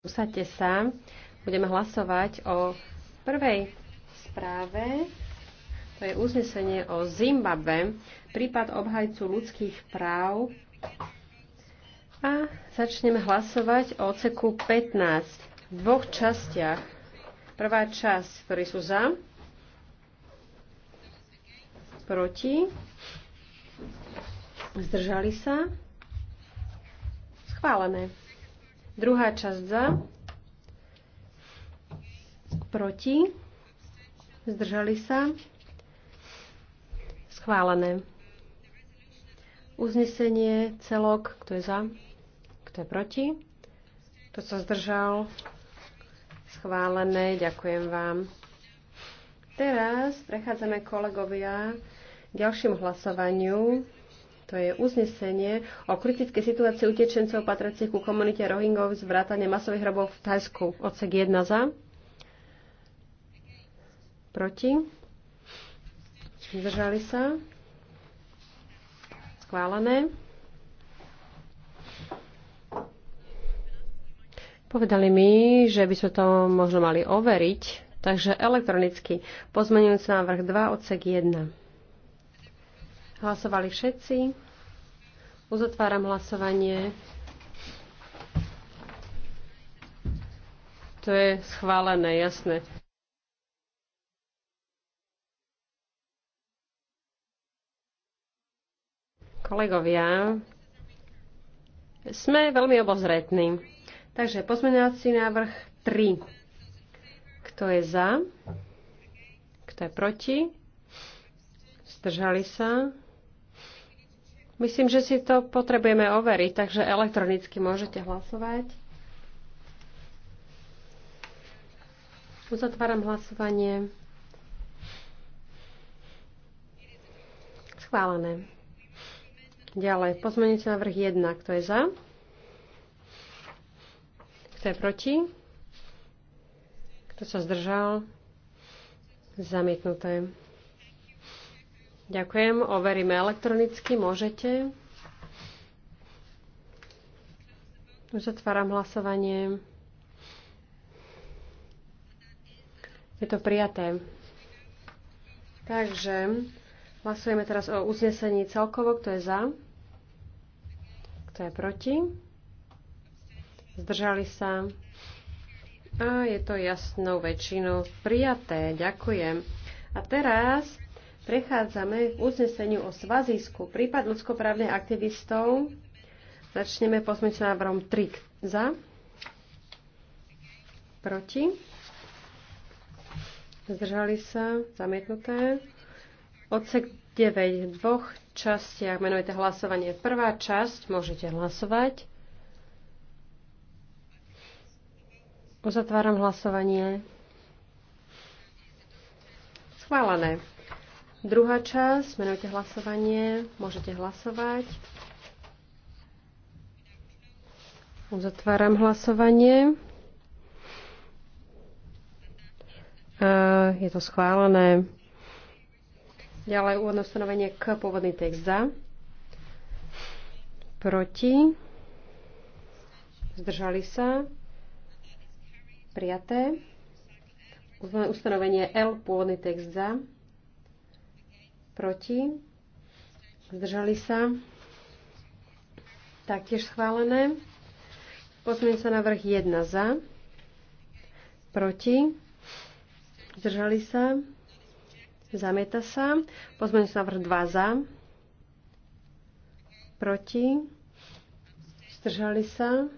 Usadte sa. Budeme hlasovať o prvej správe. To je uznesenie o Zimbabve, prípad obhajcu ľudských práv. A začneme hlasovať o oceku 15 v dvoch častiach. Prvá časť, ktorí sú za, proti, zdržali sa, schválené. Druhá časť za. Proti. Zdržali sa. Schválené. Uznesenie, celok, kto je za, kto je proti. Kto sa zdržal, schválené, ďakujem vám. Teraz prechádzame kolegovia k ďalšiemu hlasovaniu. To je uznesenie o kritickej situácii utečencov patracích ku komunite Rohingov z vrátane masových hrobov v Tajsku. Odsek 1 za. Proti. Zdržali sa. Schválené. Povedali mi, že by sme to možno mali overiť, takže elektronicky. Pozmenujúci návrh 2, odsek 1. Hlasovali všetci. Uzatváram hlasovanie. To je schválené, jasné. Kolegovia, sme veľmi obozretní. Takže pozmeňovací návrh 3. Kto je za? Kto je proti? Zdržali sa? Myslím, že si to potrebujeme overiť, takže elektronicky môžete hlasovať. Uzatváram hlasovanie. Schválené. Ďalej, pozmeňujúci návrh 1. Kto je za? Kto je proti? Kto sa zdržal? Zamietnuté. Ďakujem. Overíme elektronicky. Môžete. otváram hlasovanie. Je to prijaté. Takže hlasujeme teraz o uznesení celkovo, kto je za, kto je proti. Zdržali sa. A je to jasnou väčšinou prijaté. Ďakujem. A teraz Prechádzame k uzneseniu o svazisku Prípad ľudskoprávnych aktivistov. Začneme pozmeňujúcim návrhom 3. Za. Proti. Zdržali sa. Zamietnuté. Odsek 9 v dvoch častiach. Menujete hlasovanie. Prvá časť. Môžete hlasovať. Uzatváram hlasovanie. Schválené. Druhá časť, menujte hlasovanie, môžete hlasovať. Zatváram hlasovanie. A je to schválené. Ďalej úvodné stanovenie k pôvodný text za. Proti. Zdržali sa. Prijaté. Ustanovenie L, pôvodný text za proti, zdržali sa, taktiež schválené. Pozmeň sa na vrch 1 za, proti, zdržali sa, zamieta sa. Pozmeň sa na vrch 2 za, proti, zdržali sa,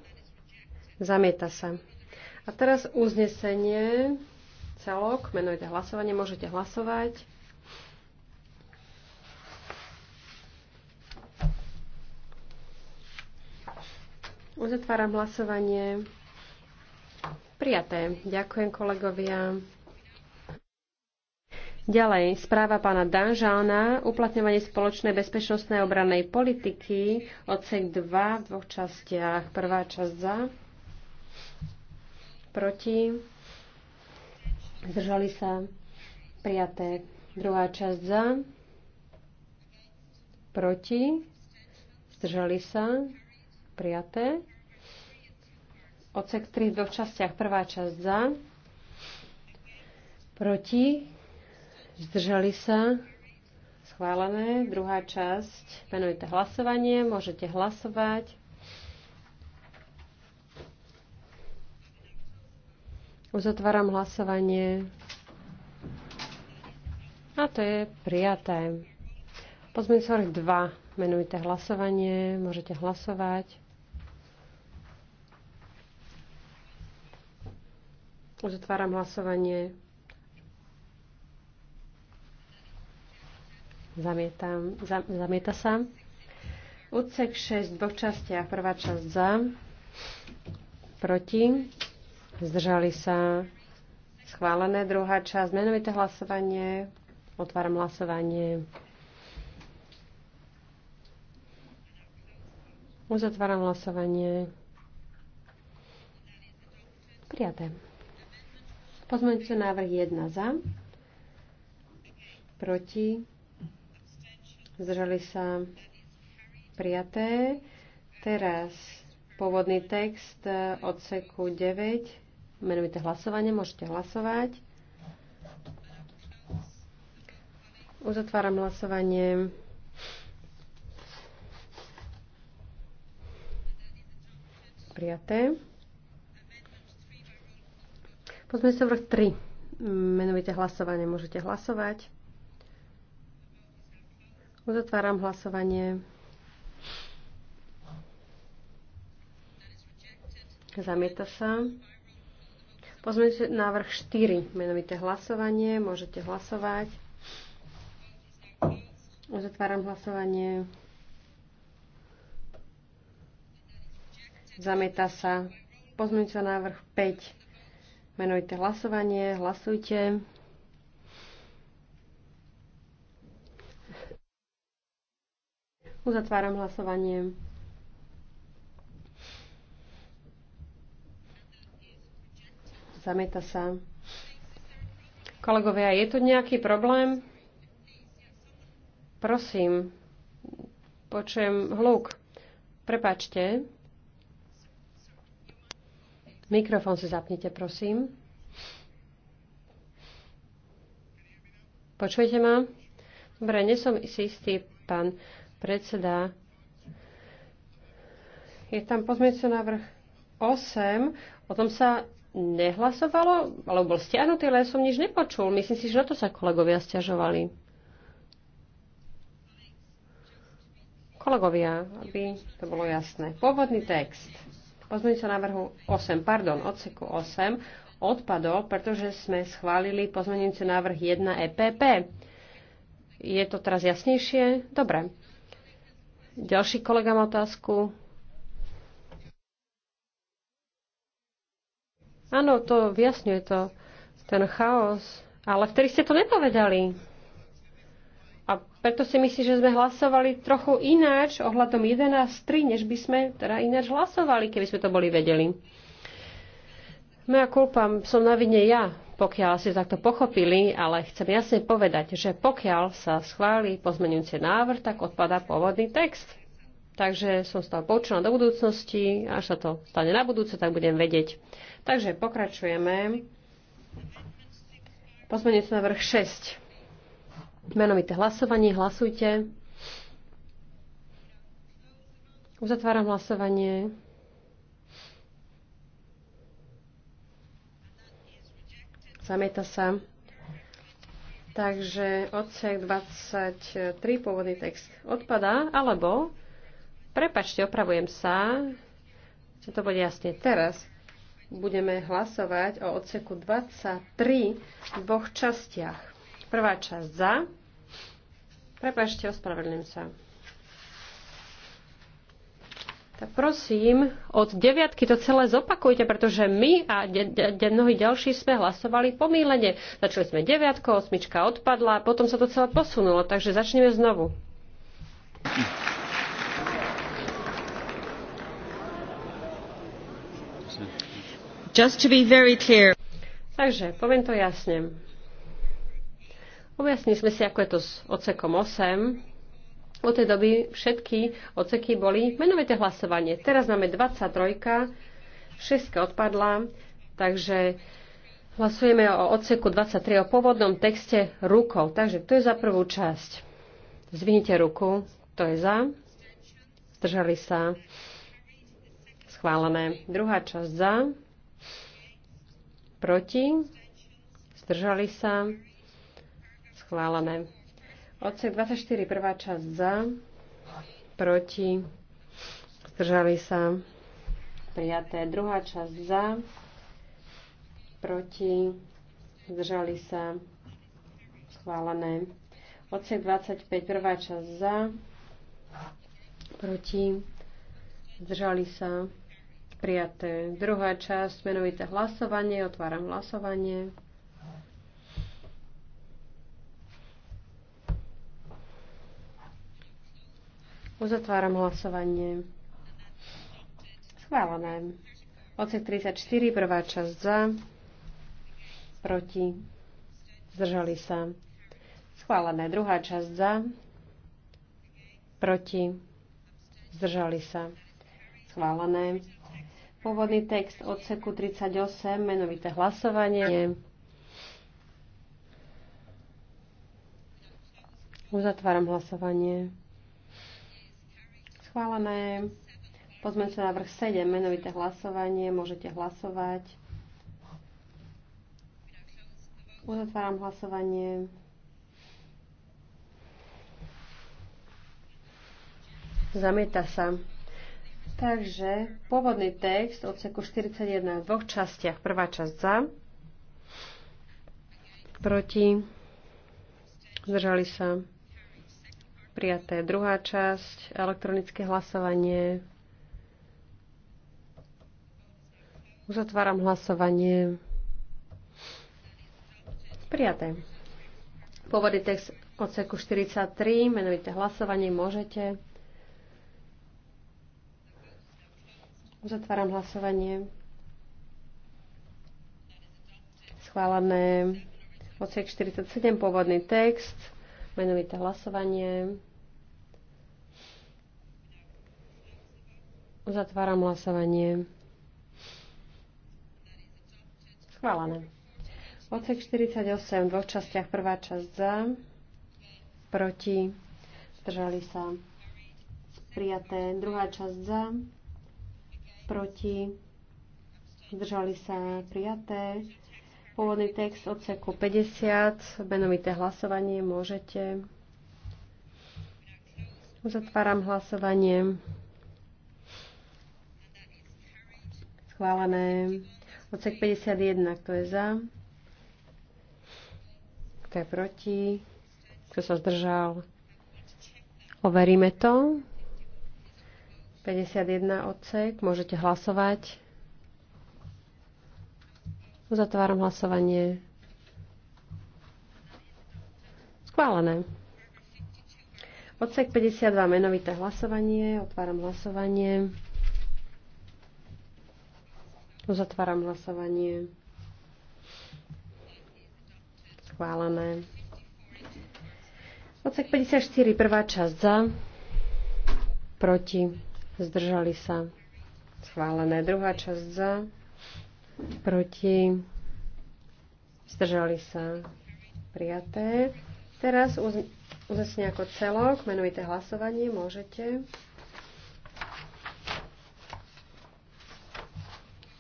zamieta sa. A teraz uznesenie, celok, menujte hlasovanie, môžete hlasovať. Uzatváram hlasovanie. Prijaté. Ďakujem kolegovia. Ďalej, správa pána Danžána, uplatňovanie spoločnej bezpečnostnej obranej politiky, odsek 2 v dvoch častiach. Prvá časť za, proti, zdržali sa, prijaté. Druhá časť za, proti, zdržali sa, prijaté. Odsek 3 v dvoch častiach. Prvá časť za, proti, zdržali sa, schválené. Druhá časť, menujte hlasovanie, môžete hlasovať. Uzatváram hlasovanie. A to je prijaté. Pozmeň 2. Menujte hlasovanie, môžete hlasovať. Uzatváram hlasovanie. Zamietam, Zam, zamieta sa. Odsek 6 v dvoch častiach. Prvá časť za, proti, zdržali sa schválené. Druhá časť, menovité hlasovanie. Otváram hlasovanie. Uzatváram hlasovanie. Prijaté. Pozmeňujúci návrh 1 za, proti, zdržali sa prijaté. Teraz pôvodný text odseku 9, Menujte hlasovanie, môžete hlasovať. Uzatváram hlasovanie. Prijaté. Pozme sa vrch 3. Menovite hlasovanie. Môžete hlasovať. Uzatváram hlasovanie. Zamieta sa. sa návrh 4, menovité hlasovanie. Môžete hlasovať. Uzatváram hlasovanie. Zamieta sa. Pozmeňte návrh 5, Menujte hlasovanie, hlasujte. Uzatváram hlasovanie. Zamieta sa. Kolegovia, je tu nejaký problém? Prosím, počujem hluk. Prepačte. Mikrofón si zapnite, prosím. Počujete ma? Dobre, nesom si istý, pán predseda. Je tam pozmeňujúci návrh 8. O tom sa nehlasovalo, alebo bol stiahnutý, ale ja som nič nepočul. Myslím si, že na to sa kolegovia stiažovali. Kolegovia, aby to bolo jasné. Pôvodný text pozmeňujúceho návrhu 8, pardon, odseku 8, odpadol, pretože sme schválili pozmeňujúci návrh 1 EPP. Je to teraz jasnejšie? Dobre. Ďalší kolega má otázku. Áno, to vyjasňuje to, ten chaos. Ale vtedy ste to nepovedali. Preto si myslím, že sme hlasovali trochu ináč ohľadom 11.3, než by sme teda ináč hlasovali, keby sme to boli vedeli. Moja kulpa, som na vine ja, pokiaľ ste takto pochopili, ale chcem jasne povedať, že pokiaľ sa schváli pozmenujúci návrh, tak odpadá pôvodný text. Takže som z toho poučená do budúcnosti, až sa to stane na budúce, tak budem vedieť. Takže pokračujeme. Pozmenujúci návrh 6. Menovité hlasovanie. Hlasujte. Uzatváram hlasovanie. Zamieta sa. Takže odsek 23, pôvodný text odpadá, alebo, prepačte, opravujem sa, čo to bude jasne teraz, budeme hlasovať o odseku 23 v dvoch častiach. Prvá časť za. Prepašte, ospravedlňujem sa. Tak prosím, od deviatky to celé zopakujte, pretože my a de- de- de- mnohí ďalší sme hlasovali pomílene. Začali sme deviatko, osmička odpadla, potom sa to celé posunulo, takže začneme znovu. Just to be very clear. Takže, poviem to jasne Objasnili sme si, ako je to s odsekom 8. Od tej doby všetky odseky boli menovité hlasovanie. Teraz máme 23, 6 odpadla, takže hlasujeme o odseku 23 o pôvodnom texte rukou. Takže to je za prvú časť. Zvinite ruku. To je za. Zdržali sa. Schválené. Druhá časť za. Proti. Zdržali sa Schválené. Odsek 24, prvá časť za, proti, zdržali sa, prijaté. Druhá časť za, proti, zdržali sa, schválené. Odsek 25, prvá časť za, proti, zdržali sa, prijaté. Druhá časť, menovité hlasovanie, otváram hlasovanie. Uzatváram hlasovanie. Schválené. Odsek 34, prvá časť za, proti, zdržali sa. Schválené. Druhá časť za, proti, zdržali sa. Schválené. Pôvodný text odseku 38, menovité hlasovanie. Uzatváram hlasovanie. Schválené. na vrch 7, menovité hlasovanie. Môžete hlasovať. Uzatváram hlasovanie. Zamieta sa. Takže pôvodný text odseku 41 v dvoch častiach. Prvá časť za, proti, zdržali sa, Prijaté druhá časť, elektronické hlasovanie. Uzatváram hlasovanie. Prijaté. Pôvodný text odseku 43, menovité hlasovanie, môžete. Uzatváram hlasovanie. Schválené odsek 47, pôvodný text menovité hlasovanie. Uzatváram hlasovanie. Schválené. Odsek 48 v dvoch častiach. Prvá časť za, proti, zdržali sa. Prijaté. Druhá časť za, proti, zdržali sa. Prijaté. Pôvodný text odseku 50, menovité hlasovanie, môžete. Uzatváram hlasovanie. Schválené. Odsek 51, kto je za? Kto je proti? Kto sa zdržal? Overíme to. 51 odsek, môžete hlasovať. Uzatváram hlasovanie. Schválené. Odsek 52, menovité hlasovanie. Otváram hlasovanie. Uzatváram hlasovanie. Schválené. Odsek 54, prvá časť za, proti, zdržali sa. Schválené. Druhá časť za, proti, zdržali sa prijaté. Teraz uznesenie ako celok, menujte hlasovanie, môžete.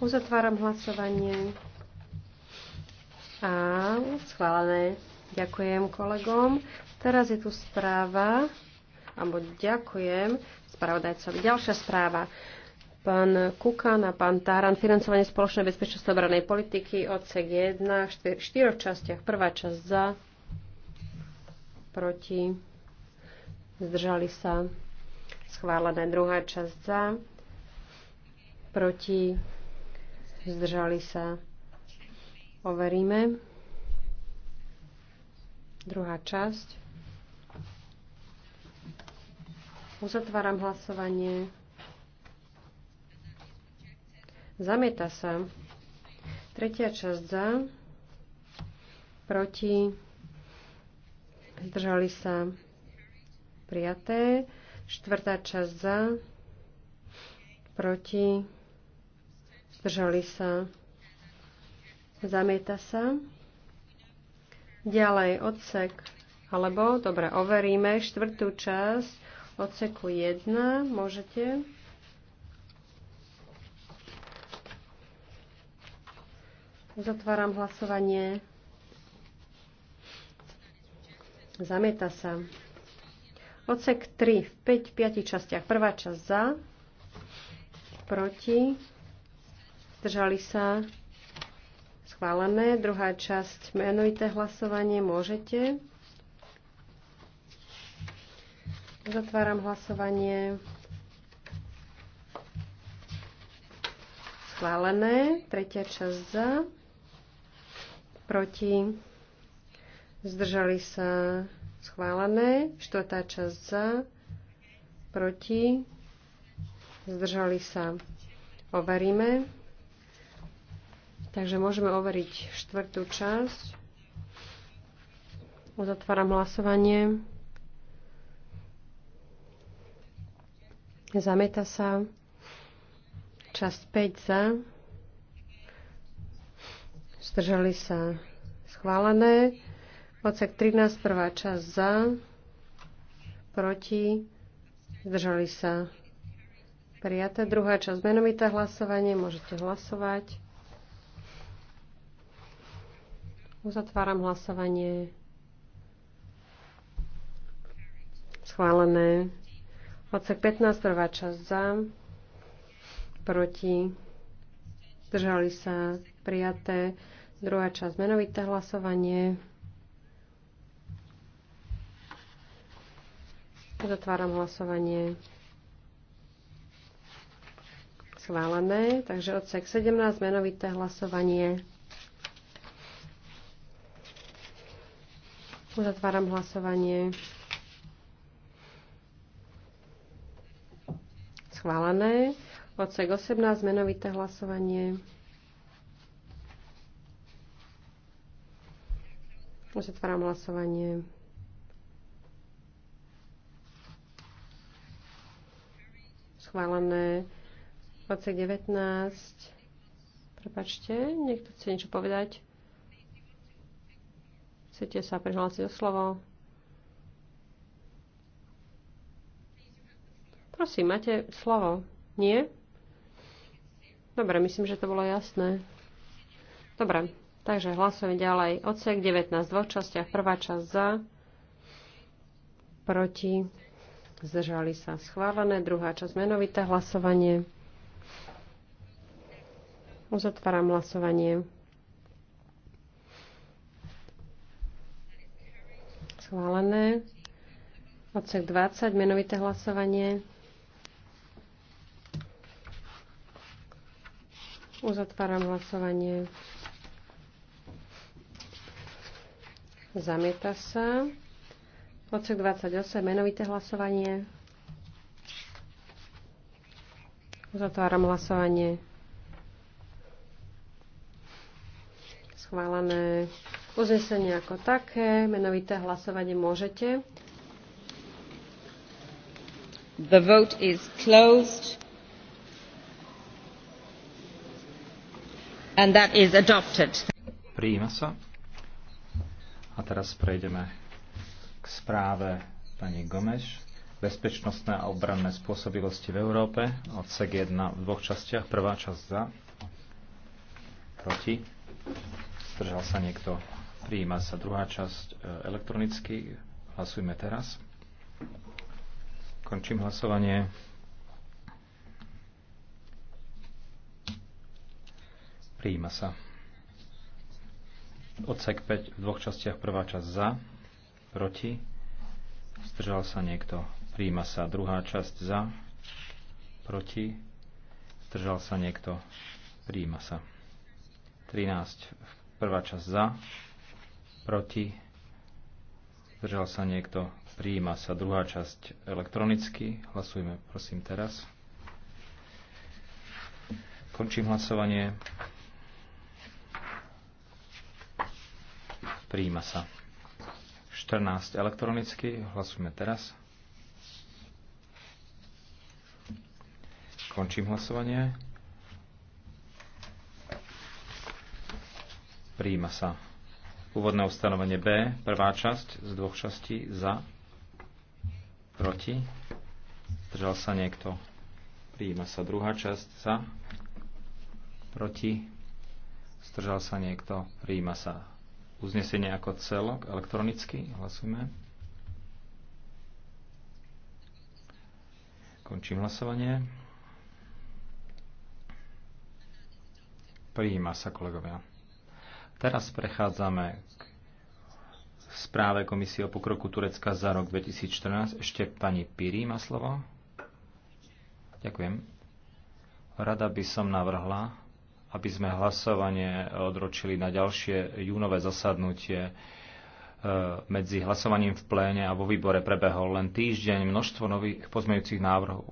Uzatváram hlasovanie. A schválené. Ďakujem kolegom. Teraz je tu správa, alebo ďakujem spravodajcovi. Ďalšia správa pán Kukan a pán Táran, financovanie spoločnej bezpečnosti obranej politiky, odsek 1, v štyroch častiach. Prvá časť za, proti, zdržali sa, schválené. Druhá časť za, proti, zdržali sa, overíme. Druhá časť. Uzatváram hlasovanie. Zamieta sa. Tretia časť za. Proti. Zdržali sa. Prijaté. Štvrtá časť za. Proti. Zdržali sa. Zamieta sa. Ďalej odsek. Alebo, dobre, overíme štvrtú časť odseku 1. Môžete. Zatváram hlasovanie. Zamieta sa. Odsek 3 v 5, 5 častiach. Prvá časť za, proti, zdržali sa, schválené. Druhá časť Menujte hlasovanie môžete. Zatváram hlasovanie. Schválené. Tretia časť za proti, zdržali sa schválené, štvrtá časť za, proti, zdržali sa, overíme. Takže môžeme overiť štvrtú časť. Uzatváram hlasovanie. Zameta sa. Časť 5 za. Zdržali sa schválené. Odsek 13, prvá časť za, proti, zdržali sa prijaté. Druhá časť menovité hlasovanie, môžete hlasovať. Uzatváram hlasovanie. Schválené. Odsek 15, prvá časť za, proti, zdržali sa prijaté. Druhá časť menovité hlasovanie. Zatváram hlasovanie. Schválené. Takže odsek 17, menovité hlasovanie. Zatváram hlasovanie. Schválené. Odsek 18, menovité hlasovanie. Uzatváram hlasovanie. Schválené. 2019. Prepačte, niekto chce niečo povedať? Chcete sa prihlásiť o slovo? Prosím, máte slovo. Nie? Dobre, myslím, že to bolo jasné. Dobre, Takže hlasujeme ďalej. Odsek 19 v dvoch častiach. Prvá časť za, proti, zdržali sa schválené. Druhá časť menovité hlasovanie. Uzatváram hlasovanie. Schválené. Odsek 20, menovité hlasovanie. Uzatváram hlasovanie. Zamieta sa. Odsek 28, menovité hlasovanie. Uzatváram hlasovanie. Schválené uznesenie ako také. Menovité hlasovanie môžete. The vote is closed. And that is adopted. Prijíma sa teraz prejdeme k správe pani Gomeš. Bezpečnostné a obranné spôsobilosti v Európe. Odsek 1 v dvoch častiach. Prvá časť za. Proti. Zdržal sa niekto. Prijíma sa druhá časť e, elektronicky. Hlasujme teraz. Končím hlasovanie. Prijíma sa. Odsek 5 v dvoch častiach. Prvá časť za, proti. Zdržal sa niekto. príjma sa. Druhá časť za, proti. Zdržal sa niekto. príjma sa. 13. Prvá časť za, proti. Zdržal sa niekto. príjma sa. Druhá časť elektronicky. Hlasujme prosím teraz. Končím hlasovanie. Príjima sa. 14 elektronicky. Hlasujeme teraz. Končím hlasovanie. Príjima sa. Úvodné ustanovenie B, prvá časť z dvoch častí za, proti, zdržal sa niekto. Príjima sa druhá časť za, proti, zdržal sa niekto. Príjima sa uznesenie ako celok elektronicky. Hlasujme. Končím hlasovanie. Prijíma sa, kolegovia. Teraz prechádzame k správe Komisie o pokroku Turecka za rok 2014. Ešte pani Piri má slovo. Ďakujem. Rada by som navrhla, aby sme hlasovanie odročili na ďalšie júnové zasadnutie. E, medzi hlasovaním v pléne a vo výbore prebehol len týždeň množstvo nových pozmejúcich návrhov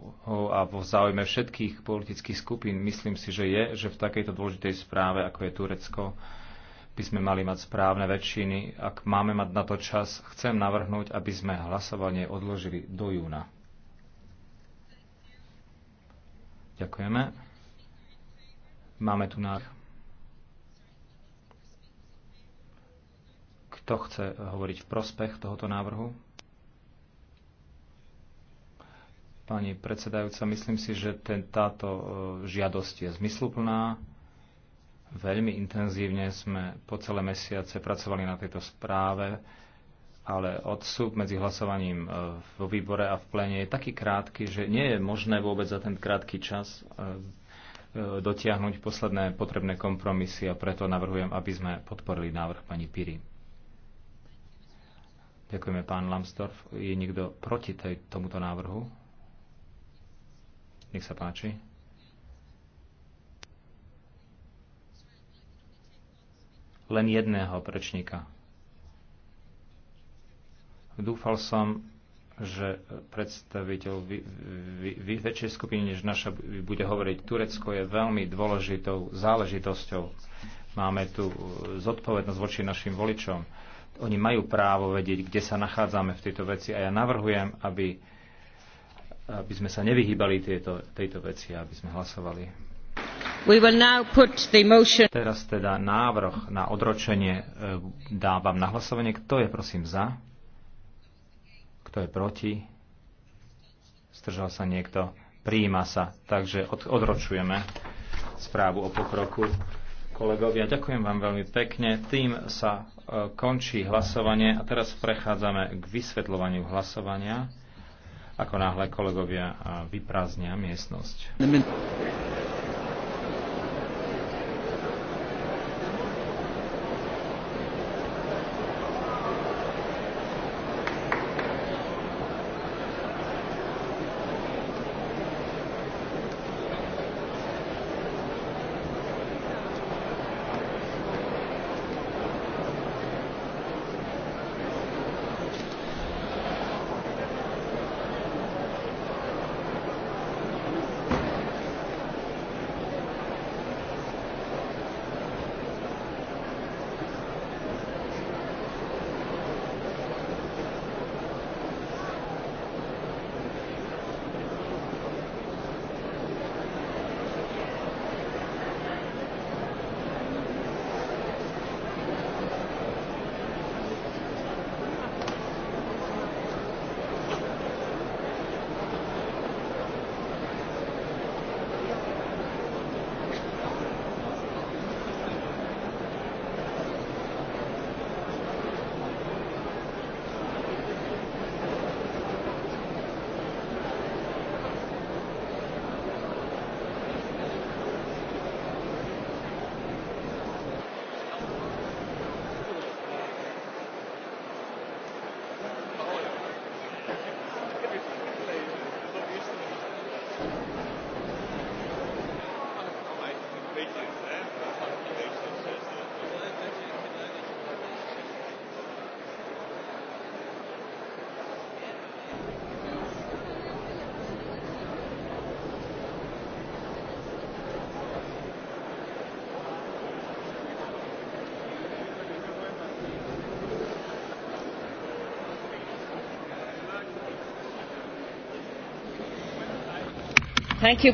a vo záujme všetkých politických skupín myslím si, že je, že v takejto dôležitej správe, ako je Turecko, by sme mali mať správne väčšiny. Ak máme mať na to čas, chcem navrhnúť, aby sme hlasovanie odložili do júna. Ďakujeme. Máme tu návrh. Kto chce eh, hovoriť v prospech tohoto návrhu? Pani predsedajúca, myslím si, že ten, táto eh, žiadosť je zmysluplná. Veľmi intenzívne sme po celé mesiace pracovali na tejto správe, ale odsúb medzi hlasovaním eh, vo výbore a v plene je taký krátky, že nie je možné vôbec za ten krátky čas E, dotiahnuť posledné potrebné kompromisy a preto navrhujem, aby sme podporili návrh pani Piri. Ďakujeme, pán Lambsdorff. Je niekto proti tej, tomuto návrhu? Nech sa páči. Len jedného prečníka. Dúfal som, že predstaviteľ vy väčšej skupiny než naša bude hovoriť, Turecko je veľmi dôležitou záležitosťou. Máme tu e, zodpovednosť voči našim voličom. Oni majú právo vedieť, kde sa nachádzame v tejto veci a ja navrhujem, aby, aby sme sa nevyhýbali tieto, tejto veci a aby sme hlasovali. We will now put the motion... Teraz teda návrh na odročenie e, dávam na hlasovanie. Kto je prosím za? Kto je proti? stržal sa niekto? Prijíma sa. Takže od, odročujeme správu o pokroku. Kolegovia, ďakujem vám veľmi pekne. Tým sa e, končí hlasovanie a teraz prechádzame k vysvetľovaniu hlasovania. Ako náhle kolegovia vyprázdnia miestnosť. you,